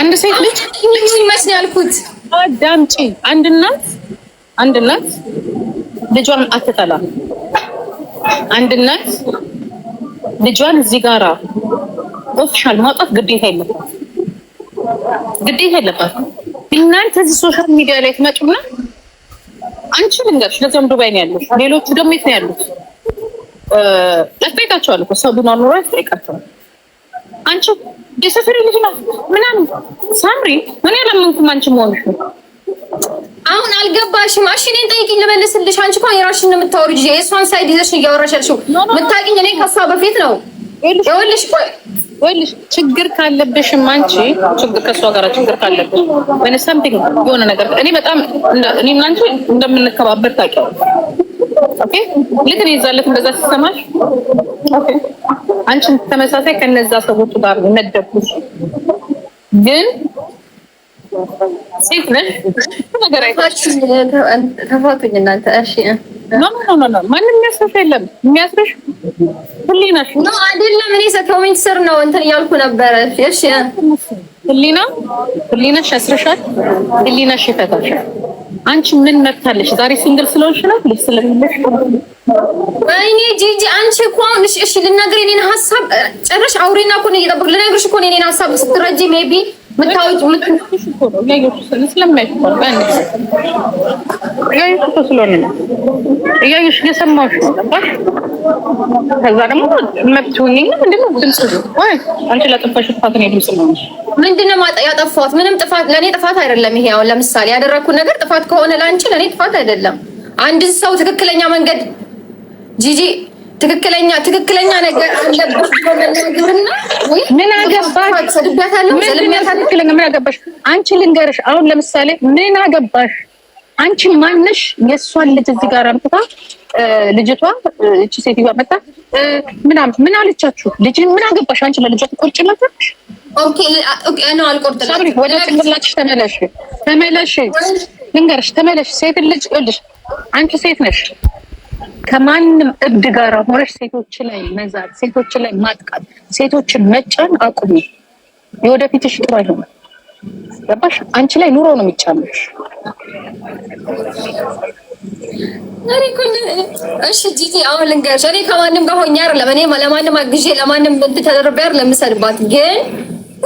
አንድ ሴት ልጅ ይመስል ያልኩት አዳምጪ። አንድ እናት አንድ እናት ልጇን አትጠላ። አንድ እናት ልጇን እዚህ ጋራ ኦፊሻል ማውጣት ግዴታ የለባት ግዴታ የለባት። እናንተ እዚህ ሶሻል ሚዲያ ላይ ትመጪውና አንቺ ልንገርሽ፣ ለዚያም ዱባይ ነው ያለሽ፣ ሌሎቹ ደግሞ የት ነው ያሉት? አስጠይቃቸዋል እኮ ሰው ቢኖር ኖሮ ያስጠይቃቸዋል። አንቺ የሰፈሪ ልጅ ናት ምናምን። ሳምሪ እኔ አላመንኩም አንቺ መሆንሽ አሁን አልገባሽም። እሺ እኔን ጠይቂኝ ልመልስልሽ። አንቺ እንኳን የራስሽን ነው የምታወሪው፣ የእሷን ሳይድ ይዘሽ እያወራሽ ያልሽው። የምታውቂኝ እኔ ከእሷ በፊት ነው። ይኸውልሽ ቆይ ወይልሽ ችግር ካለብሽም አንቺ ችግር ከሷ ጋር ችግር ካለብሽ ምን ሰምቲንግ የሆነ ነገር እኔ በጣም እኔ እናንቺ እንደምንከባበር ታውቂያለሽ ኦኬ ልክ ነው። ይዛለት እንደዛ ሲሰማሽ ኦኬ፣ አንቺን ተመሳሳይ ከነዛ ሰዎች ጋር ነደብኩሽ። ግን ሴት ነሽ ነገር አይታችሁ ተፋቱኝ እናንተ። እሺ ኖ ኖ ኖ ማንም የለም። ህሊና ኖ አይደለም። እኔ ስር ነው እንትን እያልኩ ነበረ። እሺ ህሊና ህሊናሽ ህሊናሽ ይፈታሻል። አንቺ ምን መታለሽ? ዛሬ ሲንግል ስለሆንሽ ነው ልብስ ለምንሽ? ወይኔ ጂጂ አንቺ እኮ አሁን እሺ፣ እሺ ልናገር የኔን ሀሳብ ጨረሽ አውሬና እኮ ነው እየጠበቅኩ ልነግርሽ እኮ ነው የኔን ሀሳብ ስትረጂ ሜቢ ምታወጭ እኮ ነው ነው። ስለሆነ ነው እየሰማሁሽ ነው ከዛ ደግሞ መብት ምንድን ነው ድምፅ ወይ አንቺ ጥፋት ነው ድምፅ ነው ምንድን ነው ያጠፋሁት? ምንም ጥፋት ለእኔ ጥፋት አይደለም። ይሄ አሁን ለምሳሌ ያደረግኩት ነገር ጥፋት ከሆነ ለአንቺ ለእኔ ጥፋት አይደለም። አንድ ሰው ትክክለኛ መንገድ ጂጂ ትክክለኛ ትክክለኛ ነገር አለብህና ምን አገባሽ? ምን አገባሽ? አንቺ ልንገርሽ፣ አሁን ለምሳሌ ምን አገባሽ? አንቺ ማነሽ? የእሷን ልጅ እዚህ ጋር አምጥታ ልጅቷ እቺ ሴትዮዋ መጣ ምናምን ምን አለቻችሁ? ልጅ ምን አገባሽ? አንቺ ለልጇ ትቆርጭ ነበር። ኦኬ ኦኬ፣ ነው አልቆርጥላችሁ። ወደ ጭንቅላትሽ ተመለሽ፣ ተመለሽ። ልንገርሽ፣ ተመለሽ። ሴት ልጅ ይኸውልሽ፣ አንቺ ሴት ነሽ ከማንም እብድ ጋር ሆነሽ ሴቶች ላይ መዛት፣ ሴቶች ላይ ማጥቃት፣ ሴቶችን መጫን አቁሚ። የወደፊትሽ ጥሩ አይሆንም። ገባሽ? አንቺ ላይ ኑሮ ነው የሚጫመሽ። እሺ ጂጂ፣ አሁን ልንገርሽ፣ እኔ ከማንም ጋር ሆኜ አይደለም፣ እኔ ለማንም አግዤ ለማንም እንትን ተደርቤ አይደለም የምሰድባት። ግን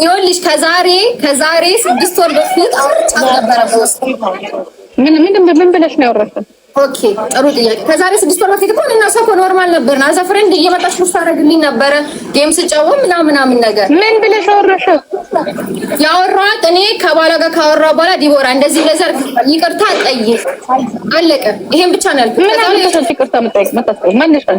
ይኸውልሽ ከዛሬ ከዛሬ ስድስት ወር በፊት አውርጫት ነበረ። ምን ምን ምን ብለሽ ነው ያወራሽው? ኦኬ ጥሩ ጥያቄ። ከዛሬ ስድስት ወር በፊት እኮ እናሷ እኮ ኖርማል ነበርን። አዛ ፍሬንድ እየመጣች ቡስ ታደርግልኝ ነበረ ጌም ስጫወት ምናምን ምናምን ነገር ምን ብለሽ አወራሻት? ያወራኋት እኔ ከባሏ ጋር ካወራ በኋላ ዲቦራ እንደዚህ ለዘር ይቅርታ ጠይቅ አለቀ። ይሄን ብቻ ነው ያልኩት። ምን ይቅርታ መጠየቅ መጣ ማነሻል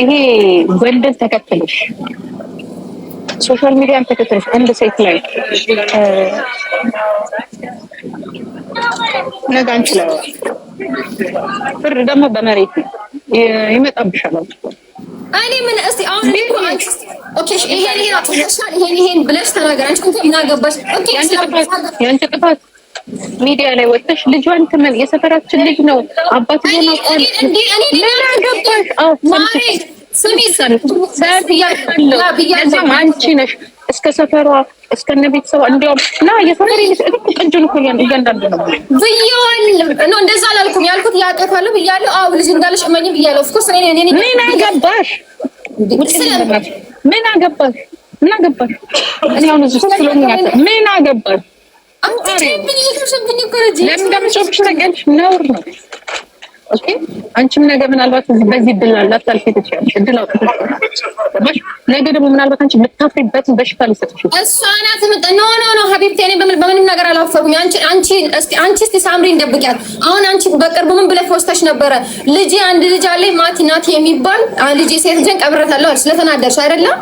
ይሄ ወንድን ተከተለሽ ሶሻል ሚዲያን ተከተለሽ አንድ ሴት ላይ ነገ አንቺ ላይ ፍርድ ደግሞ በመሬት ነው ይመጣብሻል። እኔ ምን እስቲ አሁን እኮ አንቺ ኦኬ፣ ይሄን ይሄን ብለሽ ተናገር። አንቺ ምን አገባሽ? ኦኬ፣ ያንቺ ጥፋት ሚዲያ ላይ ወጥተሽ ልጇን ትመን የሰፈራችን ልጅ ነው አባት ሆነ ቆል ምን አገባሽ? አዎ ማሪ ስሚ ሰን አንቺ ነሽ እስከ ሰፈሯ እስከነ ቤተሰቧ እንዲያውም ና የሰፈሬ ልጅ እኮ ነው ኮያን እያንዳንዱ ነው ብዬዋል። ነው እንደዛ አላልኩም ያልኩት ያጠፋሉ ብያለሁ። አዎ ልጅ እንዳለሽ እመኝ ብያለሁ። ኦፍኮርስ እኔ እኔ ምን አገባሽ? ምን አገባሽ? ምን አገባሽ? እኔ አሁን እዚህ ስለሆነ ምን አገባሽ? ለምን እንደምትጮብሽ ታውቂያለሽ? ነውር ነው። ኦኬ አንቺም ነገ ምናልባት በዚህ እድል ላታልፊ ትችያለሽ። እድል ነገ ደግሞ ምናልባት አንቺ የምታፍሪበትን በሽታ ሊሰጥሽ እሷ ናት። ኖ ኖ ኖ ሀቢብቴ፣ እኔ በምንም ነገር አላፈርኩም። አንቺ እስኪ ሳምሪን ደብቂያት። አሁን አንቺ በቅርቡ ምን ብለሽ ወስደሽ ነበረ? ልጄ አንድ ልጅ አለኝ ማቲ ናት የሚባል ልጄ ሴት ልጄን ቀብረታለሁ አለሽ። ስለተናደርሽ አይደለም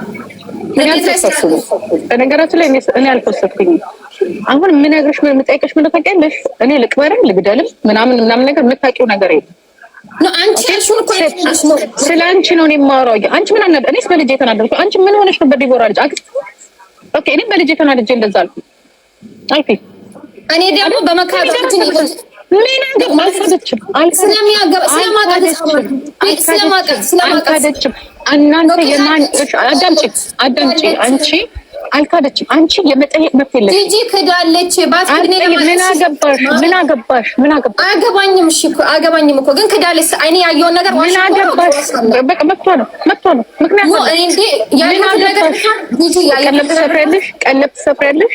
በነገራችን ላይ እኔ አልፖስትኩኝም። አሁን የምነግርሽ ምን የምጠይቅሽ ምን ታውቂያለሽ? እኔ ልቅበርም ልግደልም ምናምን ምናምን ነገር የምታውቂው ነገር የለም። ስለ አንቺ ነው እኔ የማወራው። አንቺ ምን አናደ እኔስ በልጄ የተናደድኩ አንቺ ምን ሆነሽ ነበር? ዲቦራ ልጅ ኦኬ። እኔም በልጄ ተናድጄ እንደዛ አልኩ። እኔ ደግሞ በመካበራችን አልካደችም። አንቺ የመጠየቅ መብት ጂጂ ክዳለች። ምን አገባሽ? ምን አገባሽ? እኮ እኮ ግን ክዳለች። እኔ ያየውን ነገር ምን አገባሽ? በቃ ነው ነው። ምክንያቱም ቀለብ ትሰፍሪያለሽ፣ ቀለብ ትሰፍሪያለሽ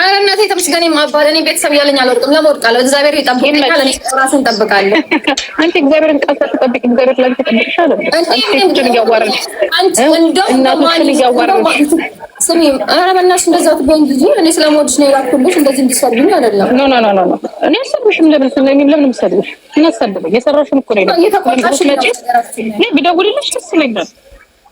አረ እናቴ ተመስገን የማባል እኔ ቤተሰብ ያለኝ አልወድቅም። ለመወድቃለሁ እግዚአብሔር ይጠብቀኛል። እኔ ራሴን እጠብቃለሁ። አንቺ እግዚአብሔርን ቃል ሳትጠብቂ እግዚአብሔር ላይ ተጠብቅሻል። አረ በእናትሽ እንደዛ ትበይኝ እንጂ እኔ ስለምወድሽ ነው የላኩልሽ። እንደዚህ እንዲሰድቡኝ አይደለም። ኖ ኖ ኖ ኖ እኔ አሰድብሽም። ለምን ስለኔም ለምን ምሰድብሽ? ምን አሰደበኝ? እኮ ነው። ይሄ ቢደውልልሽ ደስ ይለኛል።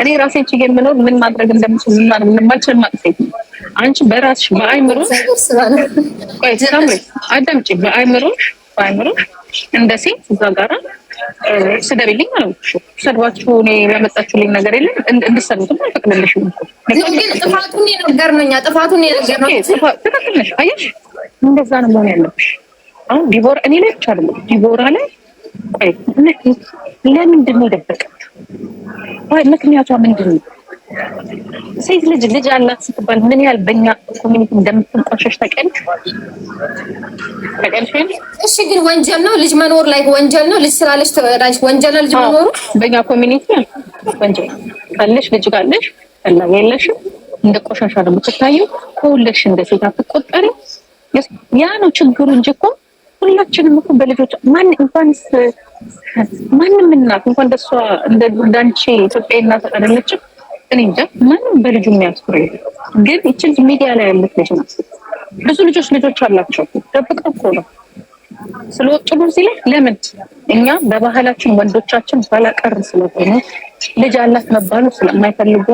እኔ ራሴ ችዬ የምኖር ምን ማድረግ እንደምችል ምን እንደማልችል ማቅሴት አንቺ በራስሽ በአይምሮሽ አዳምጪ፣ በአይምሮሽ በአይምሮሽ እንደ ሴት እዛ ጋራ ስደብልኝ ነው። ሰድባችሁ እኔ ያመጣችሁልኝ ነገር የለም። እንድሰሩትም አልፈቅድልሽም። ግን ጥፋቱን የነገር ነኛ ጥፋቱን የነገር ነው። ትክክል ነሽ። አየሽ፣ እንደዛ ነው መሆን ያለብሽ። አሁን ዲቦራ እኔ ላይ ብቻ አይደለም ዲቦራ ላይ ለምንድን ነው የደበቀ ወይ ምክንያቷ ምንድን ነው? ሴት ልጅ ልጅ አላት ስትባል ምን ያህል በእኛ ኮሚኒቲ እንደምትንቆሸሽ ተቀልሽ ተቀልሽ። እሺ ግን ወንጀል ነው ልጅ መኖር ላይ ወንጀል ነው ልጅ ስላለሽ ተራሽ ወንጀል ነው ልጅ መኖሩ በእኛ ኮሚኒቲ ወንጀል። ካለሽ ልጅ ካለሽ እና የለሽም እንደ ቆሻሻ ነው የምትታየው። ከሁለሽ እንደ ሴት አትቆጠሪ። ያ ነው ችግሩ እንጂ እኮ ሁላችንም እኮ በልጆች ማን እንኳንስ ማንም እናት እንኳን ደሷ እንደ ዳንቺ ኢትዮጵያዊ እናት አይደለችም። እኔ እንጃ ማንም በልጁ የሚያስኩር ግን ይችን ሚዲያ ላይ ያለች ልጅ ናት። ብዙ ልጆች ልጆች አላቸው ደብቀው እኮ ነው ስለወጡ ነው ለምን እኛ በባህላችን ወንዶቻችን ባላቀር ስለሆኑ ልጅ አላት መባሉ ስለማይፈልጉ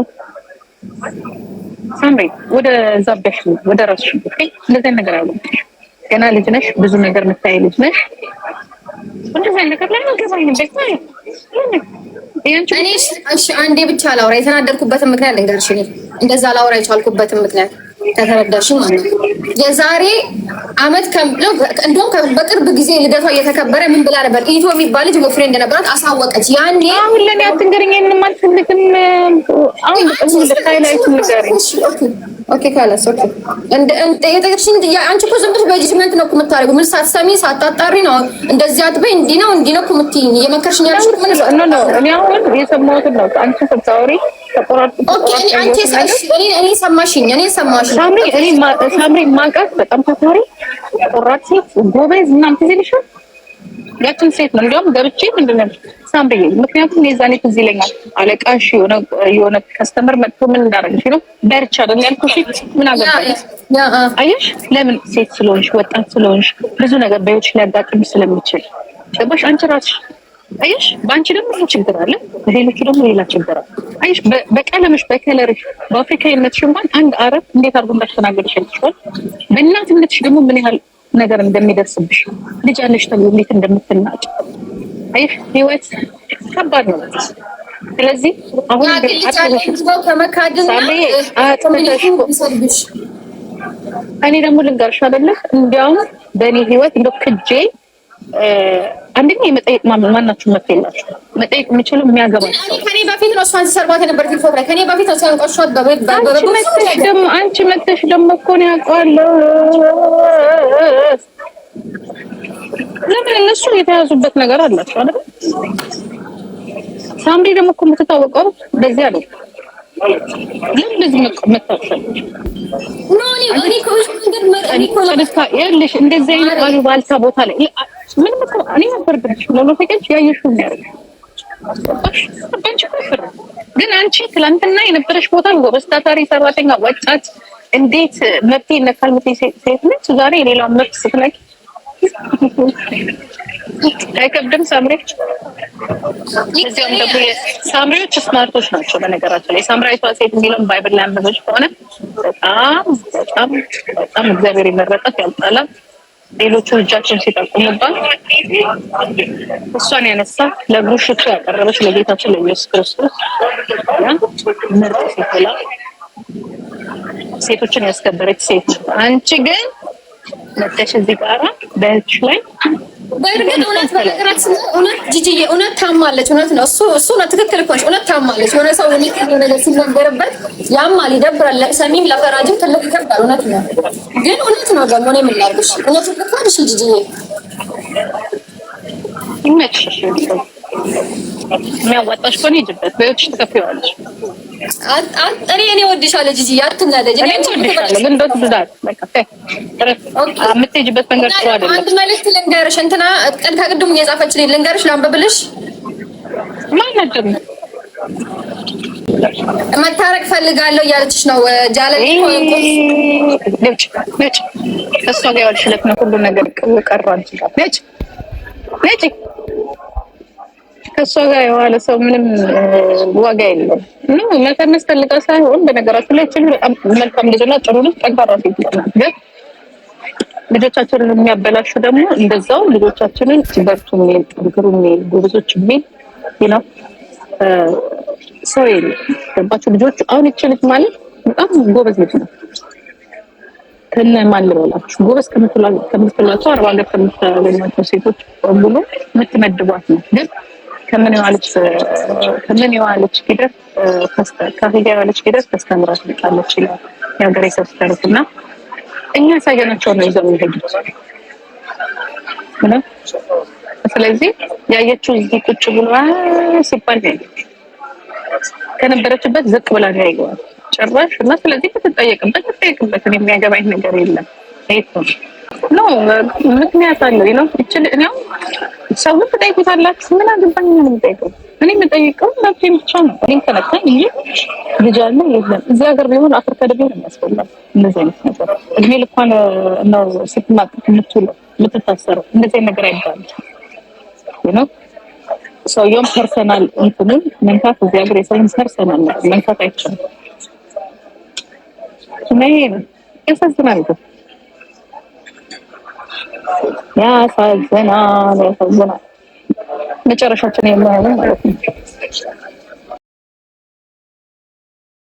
ሳምሪ ወደ ዛቤሽ ወደ ራስሽ እንደዚህ ነገር አሉ ገና ልጅ ነሽ፣ ብዙ ነገር የምታይ ልጅ ነሽ። እንደዛ ነገር ላይ አንዴ ብቻ ላውራ የተናደርኩበትን ምክንያት ልንገርሽ። እንደዛ ላውራ የቻልኩበትን ምክንያት ከተረዳሽ ማለት ነው። የዛሬ አመት እንደውም በቅርብ ጊዜ ልደቷ እየተከበረ ምን ብላ ነበር? ኢትዮ የሚባል ልጅ ወፍሬ እንደነበራት አሳወቀች። ያኔ አሁን ለእኔ አትንገርኝ፣ ይህንም አልፈልግም። አሁን በጣም ልታይ ላይ ኦኬ ካላስ ኦኬ እንደ እንደ የጠቅሽኝ አንቺ እኮ ዝም ብለሽ በጅጅመንት ነው የምታደርጊው። ምን ሳትሰሚ ሳታጣሪ ነው እንደዚህ አትበይ፣ እንዲህ ነው እንዲህ ነው የምትይኝ። እየመከርሽኝ ያለሽ ምን ነው ነው? እኔ አሁን የሰማሁትን ነው። አንቺ ስታወሪ ኦኬ። እኔ አንቺ ሳይሽ እኔ እኔ ሰማሽኝ፣ እኔ ሰማሽኝ። ሳምሪ እኔ ሳምሪ ማቀስ በጣም ታታሪ ቆራጥ ሴት ጎበዝ እናንተ ትዝ ሁለቱም ሴት ነው። እንዲያውም ገብቼ ምንድን ነው ሳም ብዬ ምክንያቱም የዛኔ ትዝ ይለኛል አለቃሽ የሆነ የሆነ ከስተመር መጥቶ ምን እንዳደረግሽ ነው በርቻ ደ ያልኩሽ ምን አገባኝ አየሽ፣ ለምን ሴት ስለሆንሽ ወጣት ስለሆንሽ ብዙ ነገር በህይወትሽ ሊያጋጥም ስለሚችል ገባሽ አንቺ ራስሽ አየሽ በአንቺ ደግሞ ይሄ ችግር አለ፣ በሌሎቹ ደግሞ ሌላ ችግር አለ። አየሽ በቀለምሽ በከለርሽ በአፍሪካዊነትሽ እንኳን አንድ አረብ እንዴት አድርጎ እንዳስተናገደሽ ያልችዋል። በእናትነትሽ ደግሞ ምን ያህል ነገር እንደሚደርስብሽ ልጅ ያለሽ ተብሎ እንዴት እንደምትናጭ አይሽ ህይወት ከባድ ነው። ስለዚህ አሁን ግን እኔ ደግሞ ልንገርሽ አይደለ እንዲያውም በእኔ ህይወት እንደ ክጄ አንደኛ የመጠየቅ ማናችሁ መፍት የላችሁ። መጠየቅ የሚችለው የሚያገባ ከኔ በፊት ነው። እሷን ሲሰርባት የነበረች ፎቶ ላይ ከኔ በፊት ነው ሲያንቋሸት ደግሞ መተሽ ደግሞ እኮ ነው የተያዙበት ነገር አላቸው አለ። ሳምሪ ደግሞ እኮ ነው። ነው? ቦታ ምን ምክር እኔ አልፈርድብሽ ለሎፈቀች ያየሽው ያደርግ ግን አንቺ ትላንትና የነበረሽ ቦታ ጎበዝ፣ ታታሪ ሰራተኛ፣ ወጣት እንዴት መብት ይነካል? መብት ሴት ነች። ዛሬ መብት ስትነቂ አይከብድም? ሳምሪ እዚያም ደግሞ ሳምሪዎች ስማርቶች ናቸው። በነገራችን ላይ ሳምራዊቷ ሴት የሚለውን ባይብል ላይ ከሆነ በጣም በጣም በጣም እግዚአብሔር የመረጣት ያልጣላት ሌሎቹ እጃቸውን ሲጠቁሙባት እሷን ያነሳ ለእግሩ ሽቱ ያቀረበች ለጌታችን ለኢየሱስ ክርስቶስ ምርጥ ሴቶላ ሴቶችን ያስከበረች ሴት። አንቺ ግን መተሽ እዚህ ጋራ በእጅ ላይ በእርግጥ እውነት በነገራችን እውነት ጂጂዬ እውነት ታማለች። እውነት ነው እሱ እሱ ነው ትክክል እኮ ነች። እውነት ታማለች። የሆነ ሰው ነገር ሲናገርበት ያማል፣ ይደብራል። ለሰሚም ለፈራጅም ትልቅ ይከብዳል። እውነት ነው። ግን እውነት ነው ደግሞ እኔ ምን እውነት ልክፋልሽ ጂጂ ይመችሽ። የሚያዋጣሽ ከሆነ ሂጂበት በዮትሽ ትከፍይዋለሽ። እኔ እኔ እወድሻለሁ ጂጂ አትናደጂ። የምትሄጂበት መንገድ ጥሩ አይደለም። አንድ መልዕክት ልንገርሽ እንትና ቀን ከቅድሙ የጻፈችልኝ ልንገርሽ፣ ላንብብልሽ ማናጀር መታረቅ ፈልጋለሁ እያለችሽ ነው። ጃለኔ እሷ ጋር ያልሽለት ነው ሁሉ ነገር ቀሯል። ከእሷ ጋር የዋለ ሰው ምንም ዋጋ የለም። ነው መቀነስ ፈልጋ ሳይሆን በነገራችን ላይ በጣም መልካም ጥሩ ልጅ፣ ጠንካራ ሴት ግን ልጆቻችንን የሚያበላሹ ደግሞ እንደዛው ልጆቻችንን ጥንክሩ ጉብዞች ነው ሰው የለም። ገባችሁ ልጆቹ? አሁን ይቺ ማለት በጣም ጎበዝ ልጅ ነው። ከነ ማን ልበላችሁ ጎበዝ ከምትሏቸው አርባ ሀገር ከምታገኟቸው ሴቶች በሙሉ የምትመድቧት ነው። ግን ከምን የዋለች ከምን የዋለች ሂደት ከፍያ የዋለች ሂደት ተስተምራ ትመጣለች ይላል የሀገሬ ሰው ስተሩት እና እኛ ሳይገናቸው ነው ይዘው የሚሄዱት ምንም ስለዚህ ያየችው እዚህ ቁጭ ብሎ ሲባል ከነበረችበት ዝቅ ብላ ነው ያየዋል ጭራሽ። እና ስለዚህ ከተጠየቅበት ተጠየቅበት የሚያገባኝ ነገር የለም። ኖ ምክንያት አለው ነው ይችል ነው ሰውን ትጠይቁታላችሁ። ምን አገባኝ ነው የምጠይቀው እኔ የምጠይቀው መብት ብቻ ነው። እኔ ተነካኝ እንጂ ልጅ አለ የለም። እዚህ ሀገር ቢሆን አፍሪካ ደብ ነው የሚያስፈልጋል። እንደዚህ አይነት ነገር እድሜ ልኳን ነው ስትማቅ የምትውለው የምትታሰረው። እንደዚህ ነገር አይባልም። ነው። ሰውየውም ፐርሰናል እንትንም መንካት እዚህ ሀገር የሰውን ፐርሰናል ነው መንካት አይቻልም። እኔ ያሳዝናል፣ ያሳዝናል፣ ያሳዝናል መጨረሻችን የማይሆን ማለት ነው።